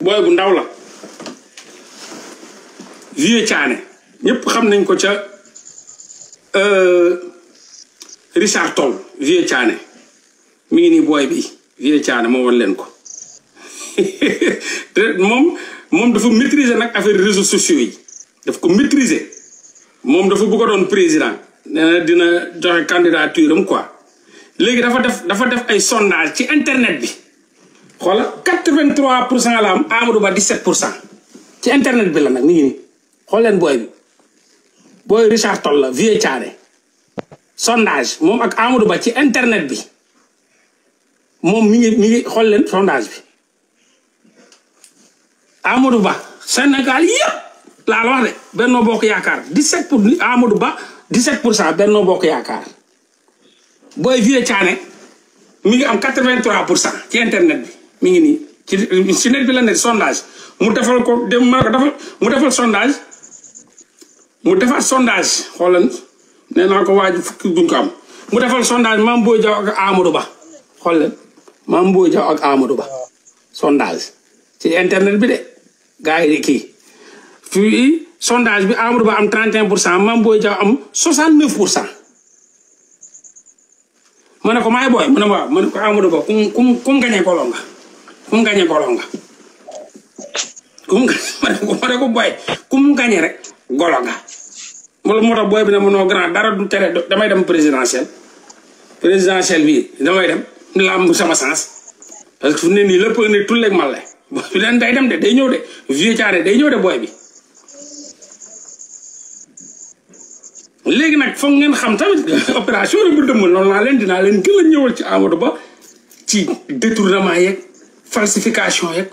booy bu ndaw la vieux caane ñëpp xam nañ ko ca euh, Richard tow vieux caane mi ngi nii booy bi vieux caane moo wan leen ko te moom moom dafa maîtriser nag affaire réseaux sociaux yi def ko maîtriser moom dafa bëgg a doon président nee dina joxe candidature am quoi léegi dafa def dafa def ay sondage ci internet bi xool 83 pour cent la am Amadou Ba 17 pour cent ci internet bi la nag mi ngi nii xool leen booy bi booy Richard Toll la vieux Thiané sondage moom ak Amadou Ba ci internet bi moom mi ngi mi ngi xool leen sondage bi Amadou Ba Sénégal yëpp laa la wax de Benno Bokk Yaakaar 17 pour Amadou Ba 17 pour cent Benno Bokk Yaakaar booy vieux Thiané mu ngi am 83 pour cent ci internet bi. mi ngi nii ci ci net bi la nekk sondage mu defal ko dem mën mu defal sondage mu defaat sondage xoolal nee naa ko waaj fukki duñ ko am mu defal sondage Mame Boye Diao ak Amadou Ba xoolal Mame Boye Diao ak Amadou Ba sondage ci internet bi de gars yi kii fii sondage bi Amadou Ba am 31 pour cent Mame Boye Diao am 69 pour cent ma ne ko maay booy mu ne ma waaw ma ko Amadou Ba ku mu ku mu kum gañe golo nga kum ma ko booy kum gañe rek golo nga loolu moo tax booy bi ne ma noo grand dara du tere damay dem présidentiel présidentiel bi damay dem làmb sama sens parce que fu ne nii lépp ne tulleeg mal la booy bi leen day dem de day ñëw de vieux caare day ñëw de booy bi léegi nag foog ngeen xam tamit opération rek bu dëmm noonu naa leen dinaa leen gën a ñëwal ci Amadou Ba ci détournement yeeg falsification yeeg